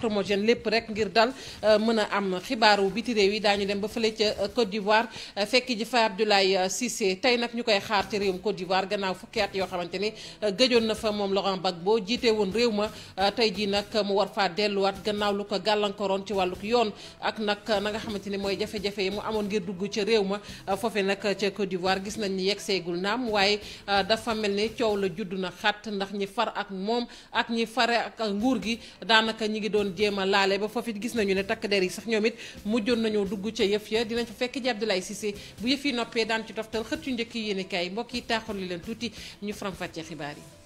promogène lépp rek ngir dal euh, mën a am xibaaru biti réew yi daañu dem ba fële ca euh, Côte d'Ivoire euh, fekk ji fa Abdoulaye Cissé tey nag ñu koy xaar ci réewum Côte d'Ivoire gannaaw fukki at yoo xamante ni gëjoon na fa moom Laurent Gbagbo jiite woon réew ma tey jii nag mu war faa delluwaat gannaaw lu ko gàllankooroon ci wàlluk yoon ak nag na xamante ni mooy jafe yi mu amoon ngir dugg ca réew ma foofe nag ca Côte d'Ivoire gis nañ ni yegg seegul naam waaye dafa mel ni coow la judd na xat ndax ñi far ak moom ak ñi fare ak nguur gi daanaka ñi ngi doon doon jéem a laale ba foofu it gis nañu ne takk der yi sax ñoom it mujjoon nañoo dugg ca yëf ya dinañ fa fekk ji Abdoulaye Cissé bu yëf yi noppee daan ci toftal xët yu njëkk yi yéen i mbokk yi taaxul li leen tuuti ñu faram fàccee xibaar yi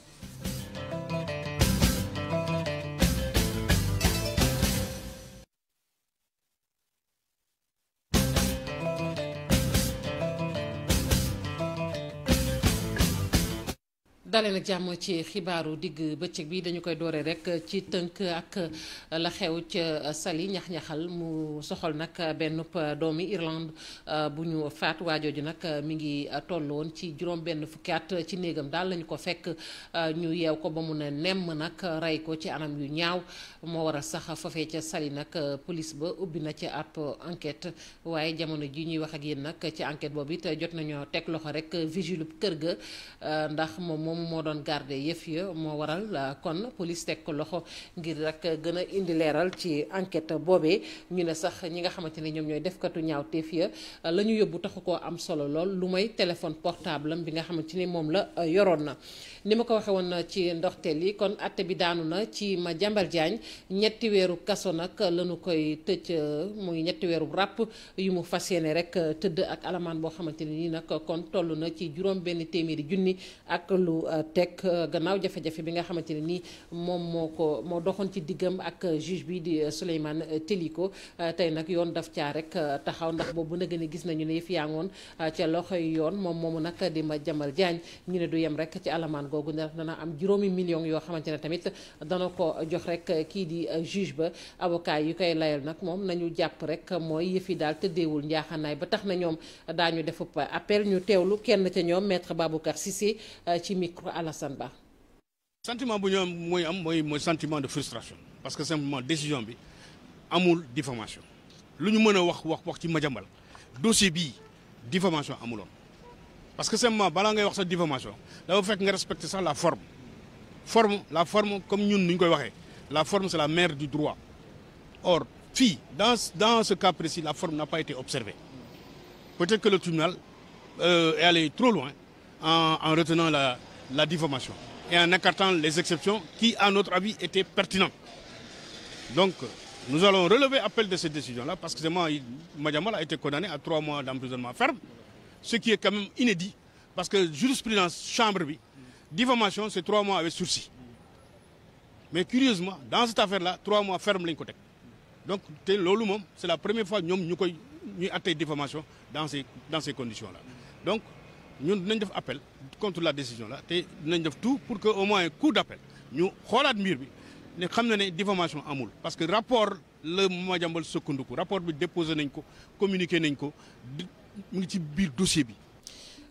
dalee na jàmm ci xibaaru digg bëccëg bi dañu koy dooree rek ci tënk ak la xew ca sali ñax-ñaxal mu soxal nag benn doomi Irlande euh, bu ñu faat waajooju nag euh, mi ngi toll woon ci juróom benn fukki at ci néegam daal lañu ko fekk euh, ñu yeew ko ba mu ne nemm nag rey ko ci anam yu ñaaw moo war a sax fofee ca Saly nag police ba ubbi na ci ab enquete waaye jamono ji ñuy wax ak yéen nag ci enquête boobu it jot nañoo teg loxo rek vigile kër ga ndax moom moom moom moo doon garder yëf ya moo waral euh, kon police teg ko loxo ngir rek gën a indi leeral ci enquête boobee ñu ne sax ñi nga xamante ne ñoom ñooy defkatu ñaawteef ya euh, la ñu yóbbu taxu ko am solo lool lu may téléphone portable am bi nga xamante ni moom la euh, yoroon na ni ma ko waxee woon ci ndoxteel yi kon atte bi daanu na ci ma Madiambal Diagne ñetti weeru kaso nag la ñu koy tëj muy ñetti weeru ràpp yu mu fas yéene rek tëdd ak alamaan boo xamante ne nii nag kon toll na ci Euh, teg euh, gannaaw jafe-jafe bi nga xamante ne nii moom moo ko moo doxoon ci diggam ak juge bi di euh, Souleymane Teliko tey nag yoon daf caa rek taxaw ndax boobu nag ne gis na ñu ne yëf yaa ngoon ca loxoy yoon moom moomu nag di ma jamal jaañ ñu ne du yem rek ci alamaan googu ndax dana am juróomi million yoo xamante ne tamit dana ko jox rek kii di juge ba avocat yi koy layal nag moom nañu jàpp rek mooy yi daal tëddeewul njaaxanaay ba tax na ñoom daañu def appel ñu teewlu kenn ca ñoom maître Baboucar contre Alassane Ba. sentiment bu ñu am mooy am mooy mooy sentiment de frustration parce que simplement décision bi amul diffamation lu ñu mën a wax wax wax ci Madiambal dossier bii diffamation amuloon parce que simplement balaa ngay wax sax diffamation dafa fekk nga respecter sax la forme forme la form comme ñun ni ñu koy waxee la forme c'est la mère du droit or fii dans dans ce cas précis la forme n'a pas été observée peut-être que le tribunal euh, trop loin en retenant la la diffamation et en écartant les exceptions qui, à notre avis, étaient pertinentes. Donc, nous allons relever appel de cette décision-là parce que Madjamal a été condamné à trois mois d'emprisonnement ferme, ce qui est quand même inédit parce que jurisprudence chambre, diffamation, c'est trois mois avec sursis. Mais curieusement, dans cette affaire-là, trois mois ferme l'incontexte. Donc, c'est la première fois que nous avons une diffamation dans ces, dans ces conditions-là. ñun dinañ def appel contre la décision la te dinañ def tout pour que au moins coup d' ñu xoolaat mbir bi ne xam na ne diffamation amul parce que rapport la Madiambal sukkandiku rapport bi déposé nañ ko communiqué nañ ko mu ngi ci biir dossier bi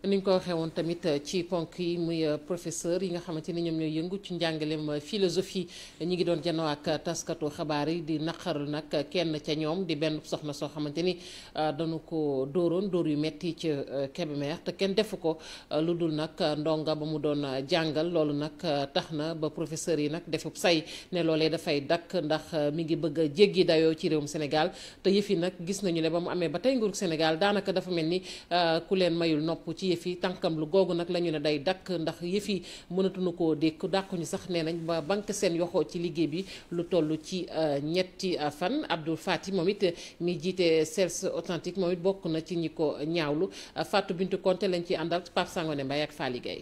ni ñu ko waxee woon tamit ci ponk yi muy euh, professeur yi nga xamante ni ñoom ñoo yëngu ci njàngaleem euh, philosophie ñi ngi doon janoo ak taskatu xabaar yi di naqarul nag kenn ca ñoom di benn soxna soo xamante ni euh, dañu ko dóoroon dóor yu metti ci Kébémer te kenn defu ko lu dul nag ndonga ba mu doon jàngal loolu nag tax na ba professeur yi nag defub say ne loolee dafay dakk ndax mi ngi bëgg a jéggi dayoo ci réewum Sénégal te yëf nag gis nañu ne ba mu amee ba tey nguur Sénégal daanaka dafa mel ni ku leen mayul nopp yëf yi tànkam lu googu nag la ñu ne day dakk ndax yëf yi mënatuñu koo dékk dàkkuñu sax nee nañ ba banque seen yoxoo ci liggéey bi lu toll ci euh, ñetti euh, fan Abdoul Fati moom it mi jiite CELS authentique moom it bokk na ci ñi ko ñaawlu Fatou Bintou Konté lañ ci àndal Pape Sangone mbay ak Faly liggéey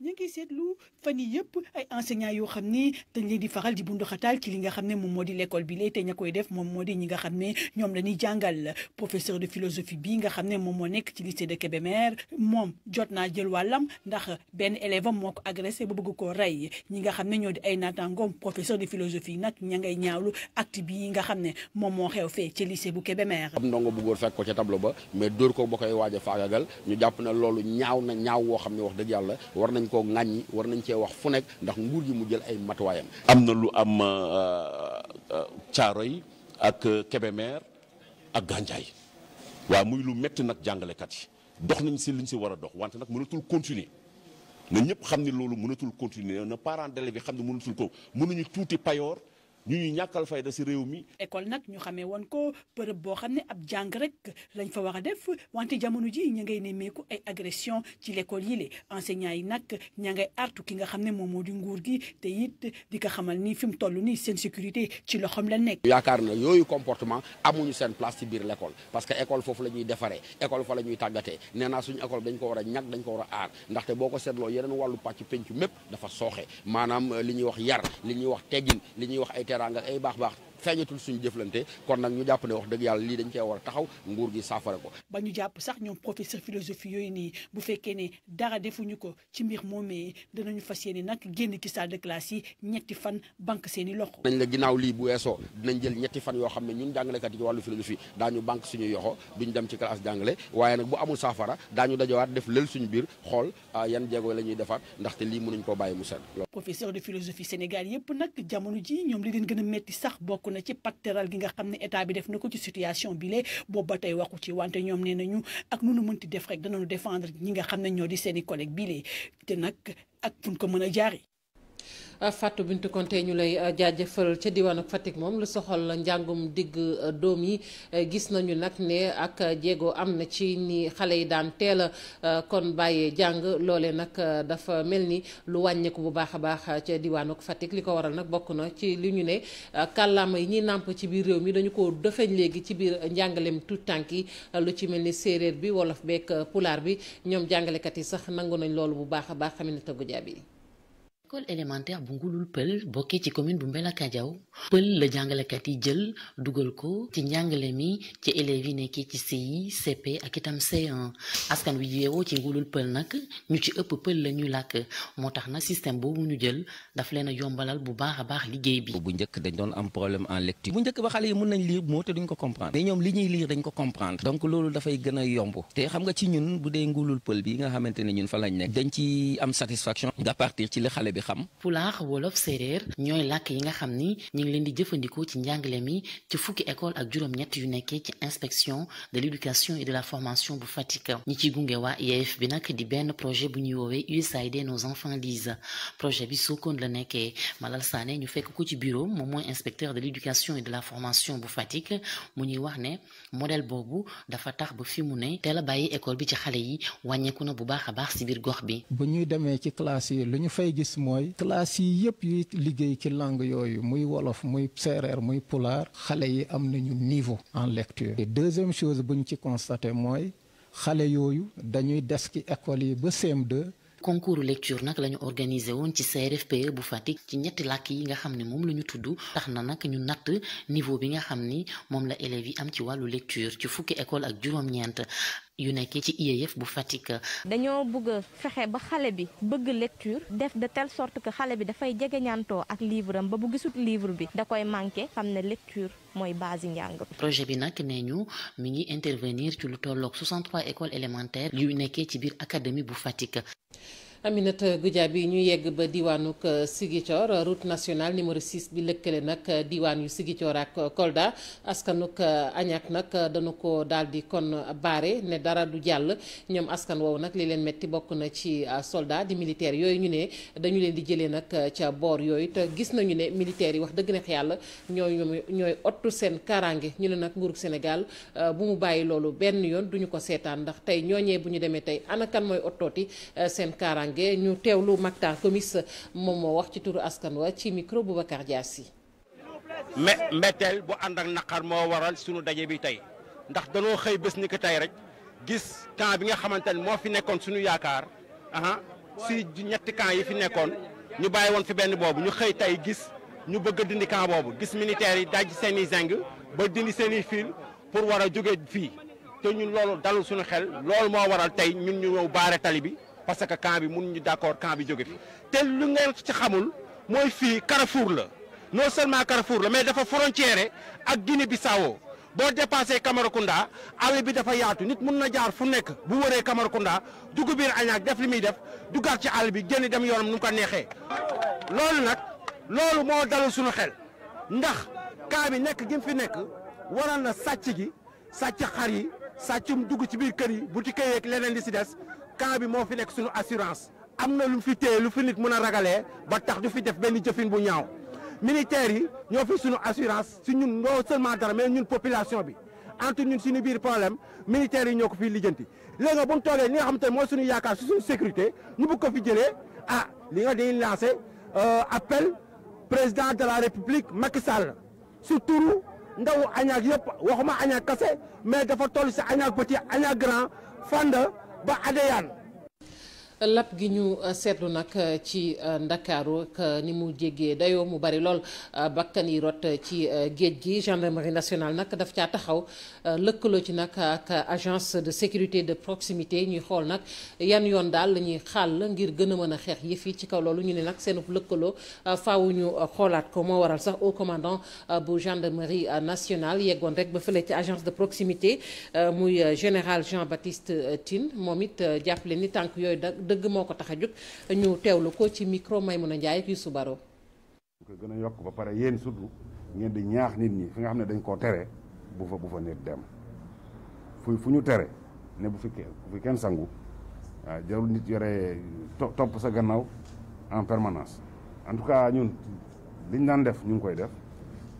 ñu ngi seetlu fan yi yëpp ay enseignants yoo xam ni dañ leen di faxal di bunduxataal ci li nga xam ne moom moo di l'école bi léegi te ña koy def moom moo di ñi xam ne ñoom la ñuy jàngal professeur de philosophie nga xam ne moom moo nekk ci li lycée de Kébémer moom jot naa jël wàllam ndax benn élève moo ko agressé ba bëgg koo rey ñi nga xam ne ñoo di ay naataangoom professeur de philosophie nag ña ngay ñaawlu acte bi nga xam ne moom moo xew fee ci lycée bu Kébémer. am ndongo bu góor fekk ko ca tableau ba mais dóor ko boo koy waaja a faagagal ñu jàpp ne loolu ñaaw na ñaaw woo xam ne wax dëgg yàlla war nañ nañ ko ŋàññi war nañ cee wax fu nekk ndax nguur yi mu jël ay matuwaayam. am na lu am Caaroy euh, euh, ak Kébémer ak Gànjaay waaw muy lu metti nag jàngalekat yi dox nañ si liñ si war a dox wante nag mënatul continuer na ñëpp xam ni loolu mënatul continuer na parent d'élève bi xam ne mënatul ko mënuñu tuuti payoor. ñu ñuy ñàkkal fayda si réew mi. école nag ñu xamee woon ko bërëb boo xam ne ab jàng rek lañ fa war a def wante jamono ji ñu ngay nemmeeku ay agression ci l'école yi le enseignants yi nag ña ngay artu ki nga xam ne moom moo di nguur gi te it di ko xamal ni fi mu toll nii seen sécurité ci loxoom la nekk. yaakaar na yooyu comportement amuñu seen place ci biir l'école parce que école foofu la ñuy defaree école fa la ñuy tàggatee nee naa suñu école dañ ko war a ñàkk dañ ko war a aar ndaxte boo ko seetloo yeneen wàllu pàcc pencu mépp dafa sooxe maanaam eh, li ñuy wax yar ñuy wax teggin teraanga ay eh, baax baax feeñatul suñu jëflante kon nag ñu jàpp ne wax dëgg yàlla lii dañ cee war a taxaw nguur gi saafara ko. ba ñu jàpp sax ñoom professeur philosophie yooyu nii bu fekkee ne dara defuñu ko ci mbir moomee danañu fas yéene nag génn ci salle de classe yi ñetti fan banque seen loxo. nañ la ginnaaw lii bu weesoo dinañ jël ñetti fan yoo xam ne ñun jàngalekat yi ci wàllu philosophie daañu banque suñu yoxo ñu dem ci classe jàngale waaye nag bu amul saafara daa ñu dajawaat def lël suñu biir xool ah, yan jéego la ñuy defaat ndaxte lii mënuñ koo bàyyi mu seen professeur de philosophie Sénégal yëpp nag jamono ji ñoom li leen gën a métti sax bokk na ci pacteral gi nga xam ne état bi def na ko ci situation bi lee boobu ba tey waxu ci wante ñoom nee nañu ak nu nu mënti def rek danañu défendre ñi nga xam ne ñoo di seeni collègue bii lee te nag ak fu ko mën a jaari Fatou Bintou Konté ñu lay euh, jaajëfal ca diwaanu Fatick moom lu soxal njàngum digg euh, doom yi euh, gis nañu nag ne ak jéego am na ci ni xale yi daan teel a kon bàyyee jàng loole nag dafa mel ni lu wàññeeku bu baax a baax ca diwaanu Fatick li ko waral nag bokk na ci li ñu ne kàllaama yi ñuy nàmp ci biir réew mi dañu ko defeñ léegi ci biir njàngaleem tout tànk yi lu ci mel ni séeréer bi wolof beek pulaar bi ñoom jàngalekat yi sax nangu nañ loolu bu baax a baax xam ne tëggu jaabi école élémentaire bu ngulul pël bokkee ci commune bu Mbélacadiao pël la jàngalekat yi jël dugal ko ci njàngale mi ci élèves yi nekkee ci CI CP ak itam C1 askan wi yeewoo ci ngulul pël nag ñu ci ëpp pël la làkk moo tax na système boobu ñu jël daf leen a yombalal bu baax baax liggéey bi. bu njëkk dañ doon am problème en lecture. bu njëkk ba xale yi mën nañ lire moo te duñ ko comprendre. mais ñoom li ñuy lire dañ ko comprendre. donc loolu ne di xam. pulaar wolof séeréer ñooy làkk yi nga xam ni ñu ngi leen di jëfandikoo ci njàngale mi ci fukki école ak juróom-ñett yu nekkee ci inspection de l'éducation et de la formation bu Fatick. ñi ciy gunge waa IEF bi di benn projet bu ñuy woowee USAID nos enfants lisent projet bi Sokone la nekkee Malal Sané ñu fekk ko ci bureau moom mooy inspecteur de l'éducation de la formation bu Fatick mu ñuy wax ne modèle boobu dafa tax ba fi mu ne teel a bàyyi école bi ci xale yi wàññeeku na bu baax a baax si biir gox bi. bu ñuy demee ci classe yi lu ñu fay gis mooy classes yi yëpp yuy liggéey ci langue yooyu muy wolof muy séeréer muy pulaar xale yi am nañu niveau en lecture et deuxième chose buñ ci constaté mooy xale yooyu dañuy des ci école yi ba CM2 concours lecture nag la ñu organisé woon ci CRFPE bu Fatick ci ñetti làkk yi nga xam ne moom la ñu tudd tax na nag ñu natt niveau bi nga xam ni moom la élèves yi am ci wàllu lecture ci fukki école ak juróom-ñeent yu nekkee ci IEF bu Fatick. dañoo bëgg fexe ba xale bi bëgg lecture def de telle sorte que xale bi dafay jegeñaantoo ak livre am ba bu gisut livre bi da koy manqué xam ne lecture mooy base njàng. projet bi nag nee ñu mu ngi intervenir ci lu tolloog 63 écoles élémentaires yu nekkee ci biir académie bu Fatick. Aminata Goudia bi ñu yegg ba diwaanuk uh, Ziguinchor uh, route nationale numéro 6 bi lëkkale nag uh, diwaan yu Ziguinchor ak Kolda askanuk Añak nag dana ko daal di kon baare ne dara du jàll ñoom askan woowu nag li leen metti bokk na ci soldat di militaire yooyu ñu ne dañu leen di jëlee nag ca boor yooyu te gis nañu ne militaires yi wax dëgg neex yàlla ñooy ñooy ottu seen kaaraange ñu ne nag nguurug Sénégal bu mu bàyyi loolu benn yoon duñu ko seetaan ndax tey ñooñee bu ñu demee tey ana mooy ottooti seen kaaraange naataange ñu teewlu Mactar Gomis moom moo wax ci turu askan wa ci micro Boubacar Diassi. me mbetteel bu ànd ak naqar moo waral sunu daje bi tey ndax danoo xëy bés ni ko tey rek gis camp bi nga xamante ne moo fi nekkoon suñu yaakaar ah si ñetti camp yi fi nekkoon ñu bàyyi woon fi benn boobu ñu xëy tey gis ñu bëgg a dindi camp boobu gis militaires yi daj seen i zeng ba dindi seen i pour war a jóge fii te ñun loolu dalul suñu xel loolu moo waral tey ñun ñu ñëw bi parce que camp bi mënuñu d' accord camp bi jóge fi te lu ngeen ci xamul mooy fi Carrefour la non seulement Carrefour la mais dafa frontière ak Guinée Bissau boo dépassé Camaracounda àll bi dafa yaatu nit mun na jaar fu nekk bu wëree Camaracounda dugg biir Añaak def li muy def duggaat ci àll bi génn dem yoonam nu mu ko neexee loolu nag loolu moo dalul suñu xel ndax kaami nekk gi fi nekk waral na sàcc gi sàcc xar yi sàccum dugg ci biir kër yi bu ci këyeeg leneen di si des camp bi moo fi nekk suñu assurance am na lu fi téye lu fi nit mën a ragalee ba tax du fi def benn jëfin bu ñaaw militaires yi ñoo fi suñu assurance si ñun non seulement dara mais ñun population bi entre ñun suñu biir problème militaires yi ñoo ko fiy lijjanti. léegi nag bu mu toogee ni nga xam te mooy suñu yaakaar si suñu sécurité ñu bëgg ko fi jëlee ah li nga dañuy lancé euh, appel président de la république Macky Sall surtout ndaw añaak yëpp waxuma añaak kase mais dafa toll si añaak petit añaak grand fanda ba Adéane lap gi ñu euh, seetlu nag euh, ci euh, ndakaaru ak ni mu jéggee dayoo mu bari lool bakkan yi rot ci géej gi gendarmerie nationale nag dafa caa taxaw lëkkaloo ci nag ak agence de sécurité de proximité ñuy xool nag yan yoon daal la ñuy xàll ngir gën a mën a xeex yëf yi ci kaw loolu ñu ne nag seen lëkkaloo faaw ñu xoolaat ko moo waral sax au commandant bu gendarmerie nationale yeggoon rek ba fële ci agence de proximité muy général Jean Baptiste Tine moom it jàppale ni tànk yooyu dëgg moo ko tax a jóg ñu teewlu ko ci micro Maimouna Ndiaye ak Youssou Baro. ko gën a yokk ba pare yéen surtout ngeen di ñaax nit ñi fi nga xam ne dañ koo tere bu fa bu fa nit dem fu fu ñu tere ne bu fi bu kenn sangu waaw jarul nit yore topp sa gannaaw en permanence en tout cas ñun liñ daan def ñu ngi koy def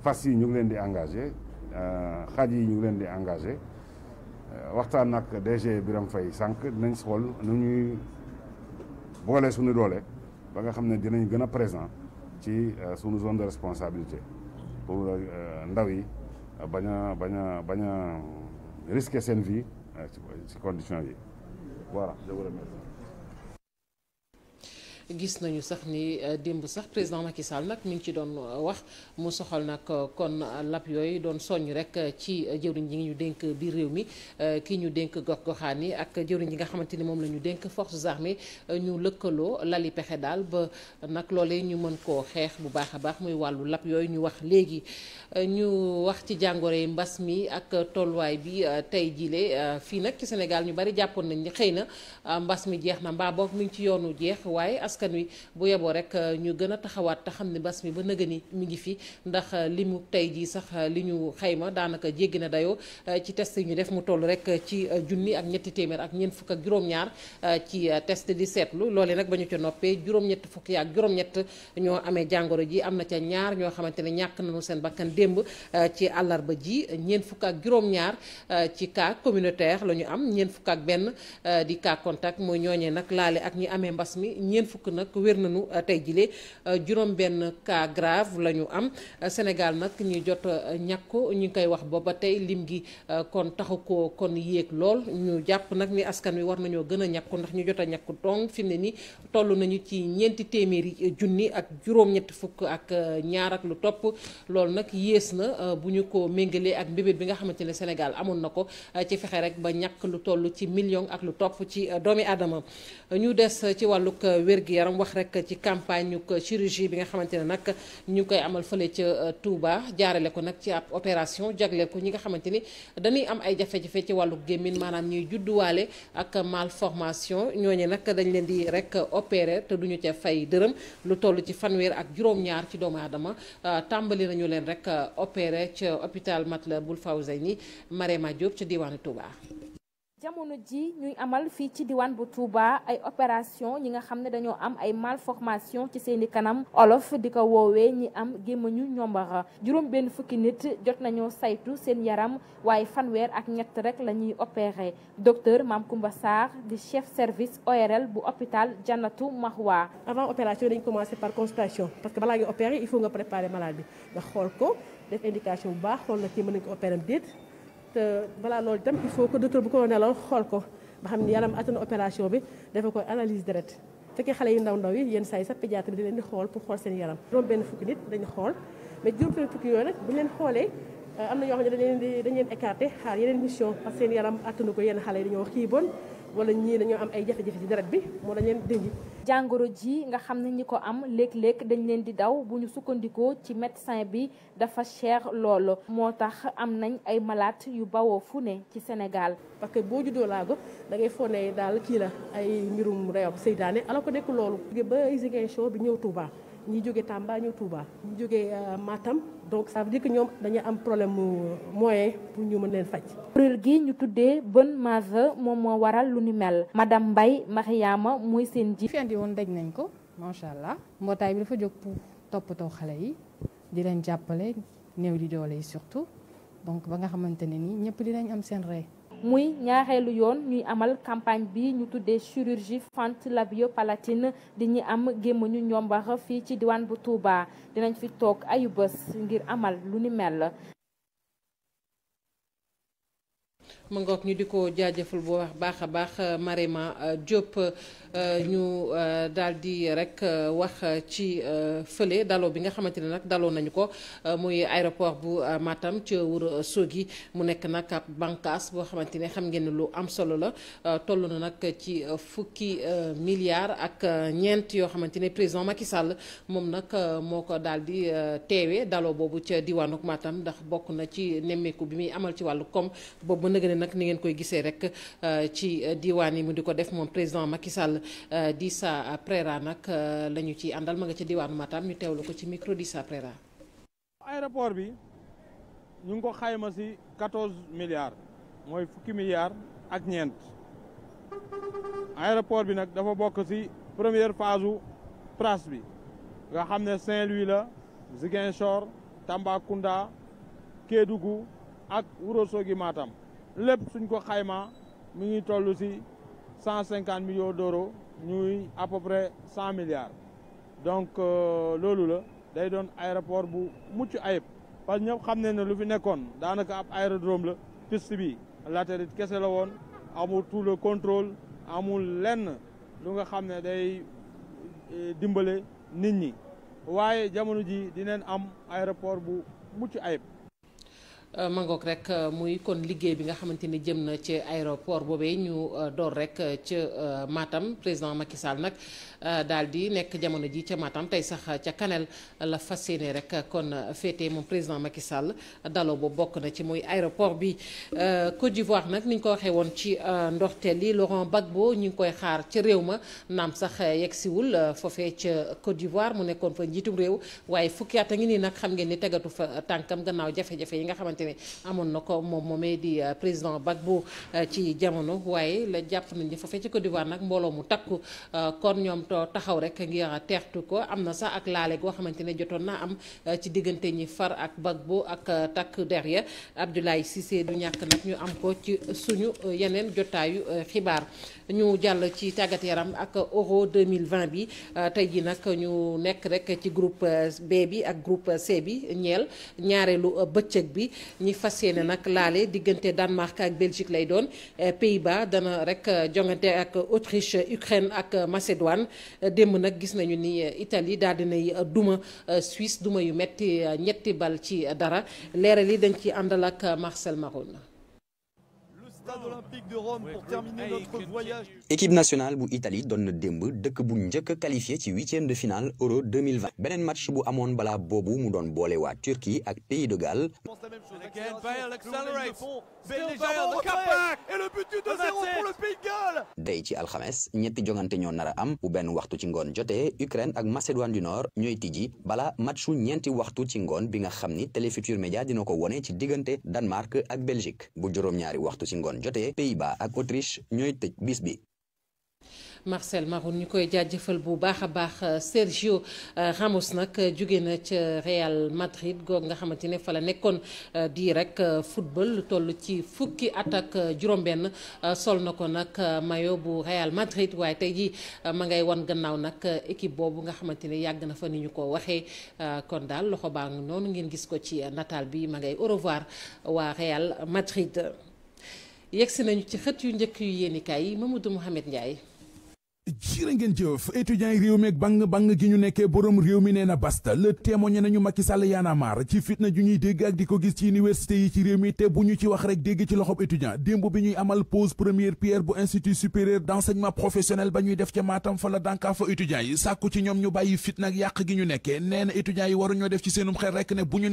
fas yi ñu ngi leen di engagé euh, xaj yi ñu ngi leen di engagé euh, waxtaan nag DG Birame fay sànq nañ xool nu ñuy boole suñu doole ba nga xam ne dinañ gën a présent ci euh, sunu zone de responsabilité pour euh, ndaw yi euh, bañ a bañ a bañ a risquer seen vie ci condition yi voilà gis nañu sax ni euh, démb sax président Macky Sall nag mi ngi ci doon euh, wax mu soxal nag euh, kon lab yooyu doon soññ rek ci jëwriñ ji ñu dénk biir réew mi ki ñu dénk gox yi ak jëwriñ ji nga xamante ni moom la ñu dénk forces armées ñu lëkkaloo lali pexe daal ba nag loole ñu mën koo xeex bu baax a baax muy wàllu lab yooyu ñu wax léegi ñu wax ci jàngoro yi mbas mi ak tolluwaay bi tey jile fii nag ci Sénégal ñu bari jàppoon nañ ni xëy na mbas mi jeex na mbaa boog ci yoonu jeex waaye askan wi bu yeboo rek euh, ñu gën a taxawaat te xam ne bas mi ba nëga ni mi ngi fi ndax euh, li mu tey jii sax euh, li ñu xayma daanaka jéggi na dayoo ci test yi ñu def mu toll rek ci junni ak ñetti téeméer ak ñeent fukk ak juróom-ñaar ci test di seetlu loolee nag ba ca noppee juróom-ñett fukk ak juróom ñoo amee jàngoro ji am na ca ñaar ñoo xamante ne ñàkk nañu seen bakkan démb ci àllarba ji ñeent fukk ak juróom ci cas communautaire la ñu am ñeent fukk ak benn di cas contact mooy ñooñee nag laale ak ñi amee mbas mi ñeent fukk fukk nag wér nañu euh, tey jile euh, juróom-benn cas grave la ñu am euh, Sénégal nag ñu jot ñàkku ñu koy wax booba tey lim gi kon taxu ko kon yéeg lool ñu jàpp nag ni askan wi war nañoo gën a ñàkku ndax ñu jot a ñàkku donc fim ne nii toll nañu ci ñeenti téeméeri junni ak juróom-ñetti fukk ak ñaar ak lu topp loolu nag yées na bu ñu ko méngalee ak mbébét bi nga xamante ne Sénégal amoon na ko ci fexe rek ba ñàkk lu toll ci million ak lu topp ci doomi aadama ñu des ci yaram wax rek ci campagne ko chirurgie bi nga xamante ne nag ñu koy amal fële ca euh, tuuba jaarale ko nag ci ab opération jagleel ko ñi nga xamante ni dañuy am ay jafe-jafe ci wàllu gémmin maanaam ñuy judduwaale ak malformation ñooñu nag dañ leen di rek opérer te duñu ca fay dërëm lu toll ci fanweer ak juróom-ñaar ci doomu aadama euh, tàmbali nañu leen rek euh, opérer ca hôpital Matlaboul Fawzayni Marema Diop ca diwaanu Touba. jamono ji ñuy amal fii ci diwaan bu Touba ay opération ñi nga xam ne dañoo am ay mal formation ci seeni kanam olof di ko woowee ñi am gémmañu ñombara juróom benn fukki nit jot nañoo saytu seen yaram waaye fanweer ak ñett rek la ñuy opéré docteur Mame Koumba Sarr di chef service ORL bu hôpital Jannatou Mahwa avant opération dañ commencé par consultation parce que balaa nga opéré il faut nga préparer malade bi nga xool ko def indication bu baax xool na kii mën nañ ko opéré am te balaa loolu itam il faut que docteur bu ko nelaw xool ko ba xam ni yaram attan opération bi dafa koy analyse deret fekkee xale yu ndaw ndaw yi yenn saa sa sax pédiatre di leen di xool pour xool seen yaram juróom benn fukki nit dañu xool mais juróom benn fukki yooyu nag bu leen xoolee am na ñoo xam ne dañ leen di dañ leen écarté xaar yeneen mission parce seen yaram attanu ko yenn xale yi dañoo xiiboon wala ñii dañoo am ay jafe-jafe ci deret bi moo dañ leen dégg. jàngoro ji nga xam ne ñi ko am léeg-léeg dañ leen di daw bu ñu sukkandikoo ci médecin bi dafa cher loolu moo tax am nañ ay malade yu bawoo fu ne ci Sénégal. parce que boo juddoo laago da ngay fone daal kii la ay ngirum reyob seytaane ala ko nekk loolu. ba Ziguinchor bi ñëw Touba. ñi jóge Tamba ñëw Touba ñi jógee euh, Matam donc ça veut ñoom dañu am problème moyen pour ñu mën leen faj. kuréel gi ñu tuddee bonne mase moom moo waral lu ni mel madame Mbaye Mariama muy seen ji. fi andi woon daj nañ ko macha allah mbootaay bi dafa jóg pour toppatoo xale yi di leen jàppale néew di joole yi surtout donc ba nga xamante ne nii ñëpp dinañ am seen ree muy ñaareelu yoon ñuy amal campagne bi ñu tuddee chirurgie fente-labio-palatine di ñi am gémmiñu ñombax fii ci diwaan bu Touba dinañ fi toog ayu bés ngir amal lu ni mel. ma ngoog ñu di ko jaajëfal bu baax a baax Marema euh, Diop euh, ñu euh, daal di rek wax ci fële daloo bi nga xamante ne nag daloo nañu ko muy aéroport bu Matam ci wër Sogi mu nekk nag ab bànqaas boo xamante ne xam ngeen lu am solo la toll na nag ci fukki milliards ak ñeent yoo xamante ne président Macky Sall moom nag moo ko daal di teewee daloo boobu ca diwaanu Matam ndax bokk na ci nemmeeku bi muy amal ci wàll koom boobu ba nag ni ngeen koy gisee rek euh, ci euh, diwaan yi mu di ko def moom président Macky Sall euh, Dissa Préra nag la ñu ci àndal ma nga ca diwaanu Matam ñu teewlu ko ci micro Dissa Préra. aéroport bi ñu ngi ko xayma si quatorze milliards mooy fukki milliards ak ñeent aéroport bi nag dafa bokk si première phase u bi nga xam ne Saint-Louis la Ziguinchor Tambacounda Kédougou ak Ourossogui Matam lépp suñ ko xaymaa mu ngi toll si cent cinquante millions d'euros ñuy à peu près cent milliards donc euh, loolu la day doon aéroport bu mucc ayib parce que ñëpp xam ne na lu fi nekkoon daanaka ab aérodrome la piste bi latérite kese la woon amul tout le contrôle amul lenn lu nga xam ne day eh, dimbale nit ñi waaye jamono ji dinañ am aéroport bu mucc ayib Euh, mangook rek euh, muy kon liggéey bi nga xamante ni jëm na ci aéroport boobee ñu euh, door rek ca Matam président Macky Sall nag daal di nekk jamono ji ca Matam tey sax ca Kanel la fas yéene rek kon féete moom président Macky Sall daloo ba bokk na ci muy aéroport bi Côte d'Ivoire nag ni ñu ko waxee woon ci ndoxteel li bag Gbagbo ñu ngi koy xaar ca réew ma naam sax yegg siwul foofee ca Côte d'Ivoire mu nekkoon fa njiitum réew waaye fukki at a ngi nii nag xam ngeen ni tegatu fa tànkam gannaaw jafe-jafe yi nga xamante xamante amoon na ko moom moomee di euh, président Gbagbo euh, ci jamono waaye la jàpp nañu foofee ci Côte d'Ivoire nag mbooloo mu takku euh, kon ñoom taxaw rek ngir teextu ko am na sax ak laale goo xamante ne jotoon naa am ci diggante ñi far ak bo ak takk der ya derrière Abdoulaye Cissé du ñàkk nag ñu am ko ci suñu yeneen jotaayu xibaar ñu jàll ci tàggat yaram ak euro 2020 bi tey ji nag ñu nekk rek ci groupe B bi ak groupe C bi ñeel ñaareelu bëccëg bi ñi fas ne nag laale diggante Danemark ak Belgique lay doon eh, Pays-Bas dana rek eh, jongante ak Autriche Ukraine ak Macédoine eh, démb nag gis nañu ni Italie daal dinay duma Suisse duma yu metti ñetti bal ci dara leeral yi dañ ci àndal ak Marcel Maroon stade olympique équipe nationale bu Italie doon na démb dëkk bu njëkk a qualifié ci huitième de finale euro 2020 beneen match bu amoon balaa boobu mu doon boole waa Turquie ak Pays de Galles. day ci alxames ñetti jongante ñoo nar am bu benn waxtu ci ngoon jotee Ukraine ak Macédoine du Nord ñooy tijji bala matchu ñeenti waxtu ci ngoon bi nga xam ni Télé Futurs Médias dina ko wone ci diggante Danemark ak Belgique bu juróom-ñaari waxtu ci ngoon takkusaan jotee Pays-Bas ak Autriche ñooy tëj bis bi. Marcel Maroun ñu koy jaajëfal bu baax a baax Sergio euh, Ramos nag jóge na ca Real Madrid goog nga xamante ne fa la nekkoon euh, di rek euh, football toll ci fukki at ak juróom-benn sol na ko nag mayo bu Real Madrid waaye tey jii ma ngay wan gannaaw nag équipe boobu nga xamante ne yàgg na fa ni ñu ko waxee kon daal loxo baa noonu ngeen gis ko ci nataal bi ma ngay au revoir waa Real Madrid. yegsi nañu ci xët yu njëkk yu yéenikaay yi Mamadou Mouhamed Ndiaye jërë ngeen jëf étudiants yi réew mi ak bang bang gi ñu nekkee borom réew mi nee na basta le témoigné nañu Macky Sall yaana ci fitna ju ñuy dégg ak di ko gis ci université yi ci réew mi te bu ñu ci wax rek dégg ci loxob étudiant démb bi ñuy amal pose première pierre bu institut supérieur d'enseignement professionnel ba ñuy def ca Matam fa la dànkaa fa yi sàkku ci ñoom ñu bàyyi fitna yàq gi ñu nekkee nee na étudiants yi waru ñoo def ci seenum xel rek ne bu ñu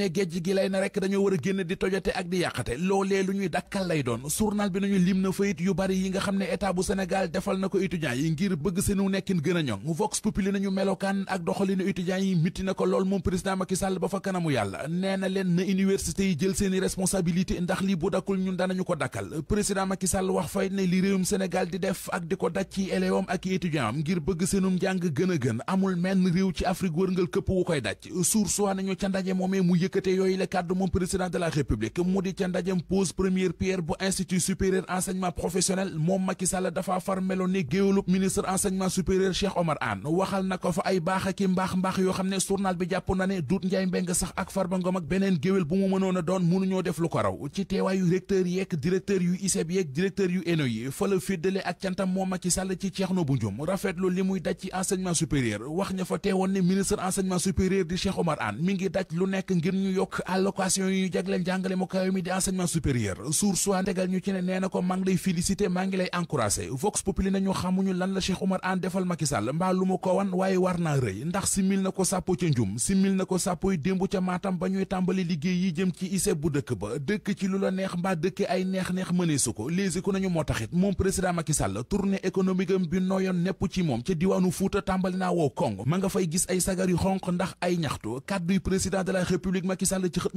a génn di bëgg seenu nekkin gën a ñoŋ vox populi nañu melokaan ak doxalinu étudiants yi mitti na ko lool moom président Macky Sall ba fa kanamu yàlla nee na leen na université yi jël seeni responsabilité ndax lii bu dakkul ñun danañu ko dakkal président Macky Sall wax fay ne li réewum Sénégal di def ak di ko daj ci élèves am ak étudiants am ngir bëgg seenu njàng gën a gën amul menn réew ci Afrique wërngal këpp wu koy daj source wa nañu ca ndaje moomee mu yëkkate yooyu la kàddu moom président de la république mu di ca ndajem pose première pierre bu institut supérieur enseignement professionnel moom Macky Sall dafa far enseignement supérieur Cheikh Omar Anne waxal na ko fa ay baax aki mbaax-mbaax yoo xam ne journal bi jàpp na ne Doudou Ndiaye Mbengue sax ak Farba Ngom ak beneen géwél bu mu mënoon a doon mënuñoo def lu ko raw ci teewaayu recteur yeeg directeur yu ISEB yeeg directeur yu ENO yi fa la féddale ak cantam moo Macky Sall ci Thierno Boundiom rafetlu li muy daj ci enseignement supérieur wax ña fa teewoon ne ministre enseignement supérieur di Cheikh Omar Anne mi ngi daj lu nekk ngir ñu yokk allocation yu jagleel njàngale mu kawe mi di enseignement supérieur source waa ndegal nee na ko maa ngi lay félicité maa ngi lay encouragé vox populi nañu xamuñu lan la Cheikh Oumar Anne defal Macky Sall mbaa lu mu ko wan waaye war naa rëy ndax simil na ko sàppo ca njum simil na ko sàppoy démb ca maatam ba ñuy tàmbali liggéey yi jëm ci ICP bu dëkk ba dëkk ci lu la neex mbaa dëkk ay neex-neex mëneesu ko léegi ku nañu moo taxit moom président Macky Sall tournée économique am bi nooyoon nepp ci moom ca diwaanu Fuuta tàmbali naa woo Kong ma nga fay gis ay sagar yu xonq ndax ay ñaxtu kàdduy président de la république Macky ci xët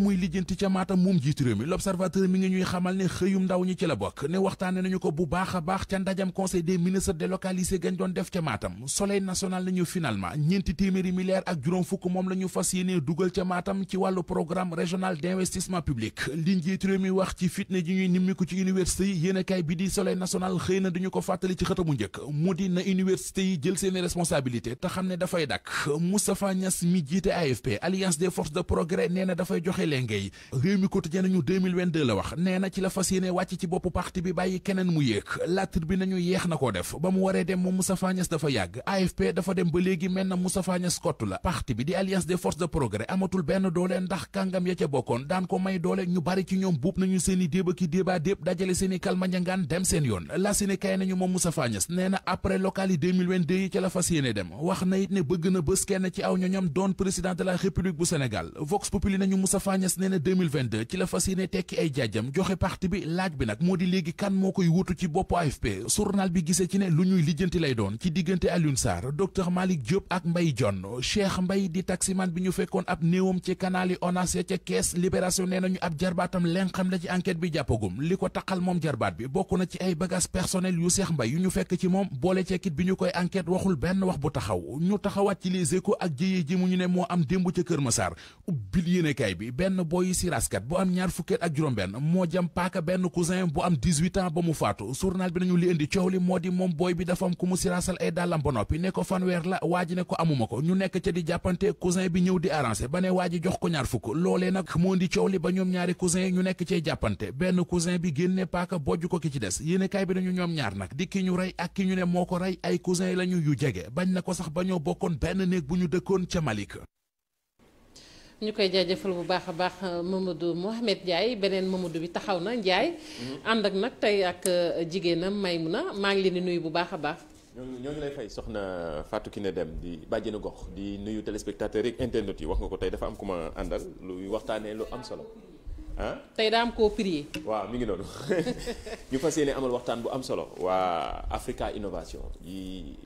mu njëkk lijjanti ca maatam moom jiitu réew mi l'observateur mi ngi ñuy xamal ne xëyum ndaw ñi ci la bokk ne waxtaane nañu ko bu baax a baax ca ndajam conseil des ministres délocalisé gañ doon def ca maatam soleil national nañu finalement ñeenti téeméeri milliards ak juróom fukk moom la ñu fas yéene dugal ca maatam ci wàllu programme régional d'investissement public liñ jiitu réew mi wax ci fitna ji ñuy nimmiku ci université yi yéen a kaay bi di soleil national xëy na dañu ko fàttali ci xëtamu njëkk mu di na université yi jël seeni responsabilité te xam ne dafay dakk Moustapha Niass mi jiite AFP alliance des forces de progrès nee na dafay joxe lengey réew mi quotidien nañu d la wax nee na ci la fas yéene wàcc ci bopp parti bi bàyyi keneen mu yéeg La Tribune nañu yeex na koo def ba mu waree dem moom Moustapha dafa yàgg AFP dafa dem ba léegi mel na Moustapha Niasse kott la parti bi di Alliance des forces de progrès amatul benn doole ndax kàngam ya ca bokkoon daan ko may doole ñu bari ci ñoom buub nañu seen i déeba déebaa déeb dajale seen kalmanjangaan dem seen yoon la nañu moom Moustapha Niasse nee na après 2022 ci la fas yéene tekki ay jaajam joxe parti bi laaj bi nag moo di léegi kan moo koy wutu ci bopp AFP journal bi gisee ci ne lu ñuy lijjanti lay doon ci diggante Alioune Sarr docteur Malick Diop ak Mbaye John Cheikh Mbaye di man bi ñu fekkoon ab néewam ci kanaali yi ONAS ya ca Kees Libération nee nañu ab jarbaatam len xam la ci enquête bi jàppagum li ko taqal moom jarbaat bi bokk na ci ay bagages personnels yu Cheikh mbay yu ñu fekk ci moom boole cekkit bi ñu koy enquête waxul benn wax bu taxaw ñu taxawaat ci Les Échos ak jëyee ji mu ñu ne moo am démb ca Kër Massar ubbil siraskat bu am ñaar fukkeet ak juróom-benn moo jam paaka benn cousin bu am 18 ans ba mu faatu journal bi nañu li indi coow li moo di moom booy bi dafa am ku mu sirasal ay dàllam ba noppi ne ko fanweer la waa ji ne ko amuma ko ñu nekk ca di jàppante cousin bi ñëw di arrangé ba ne waa ji jox ko ñaar fukk loolee nag moo indi coow li ba ñoom ñaari cousin yi ñu nekk cee jàppante benn cousin bi génne paaka bojj ko ki ci des yéene kaay bi nañu ñoom ñaar nag di ñu ak ñu moo ko rey ay cousin yi lañu yu jege bañ na ko sax ba ñoo bokkoon benn néeg bu ñu dëkkoon ca Malik ñu koy jaajëfal bu baax a baax euh, Mamadou Mohamed Ndiaye beneen Mamadou bi taxaw na Ndiaye. Mm-hmm. ànd ak nag tey ak euh, jigéenam Maymuna maa ngi leen di nuyu bu baax a baax. ñoo lay fay soxna Fatou ne dem di bàjjenu gox di nuyu téléspectateurs yi internet yi wax nga ko tey dafa am ku ma àndal luy waxtaanee lu am solo. ah tey daam koo prier. waaw mi ngi noonu ñu fas yéene amal waxtaan bu am solo waa Africa Innovation yi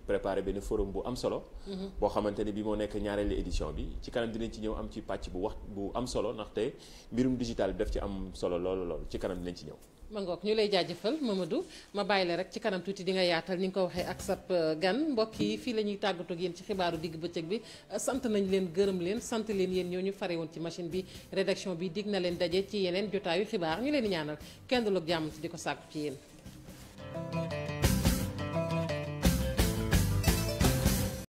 préparé benn forum bu am solo. Mhm. boo xamante ni bi moo nekk ñaareelu édition bi ci kanam dinañ ci ñëw am ci pàcc bu wax bu am solo ndaxte mbirum digital bi daf ci am solo lool loolu ci kanam dinañ ci ñëw. ma ngoog ñu lay jaajëfal Mamadou ma bàyyi la rek ci kanam tuuti di nga yaatal ni nga ko waxee ak sab euh, gan mbokk yi fii la ñuy tàggatoo ak ci xibaaru digg bëccëg bi euh, sant nañ leen gërëm leen sant leen yéen ñoo ñu fare woon ci machine bi rédaction bi dig na leen daje ci yeneen jotaayu xibaar ñu leen di ñaanal kenn du loog jàmm di ko sàkku ci yéen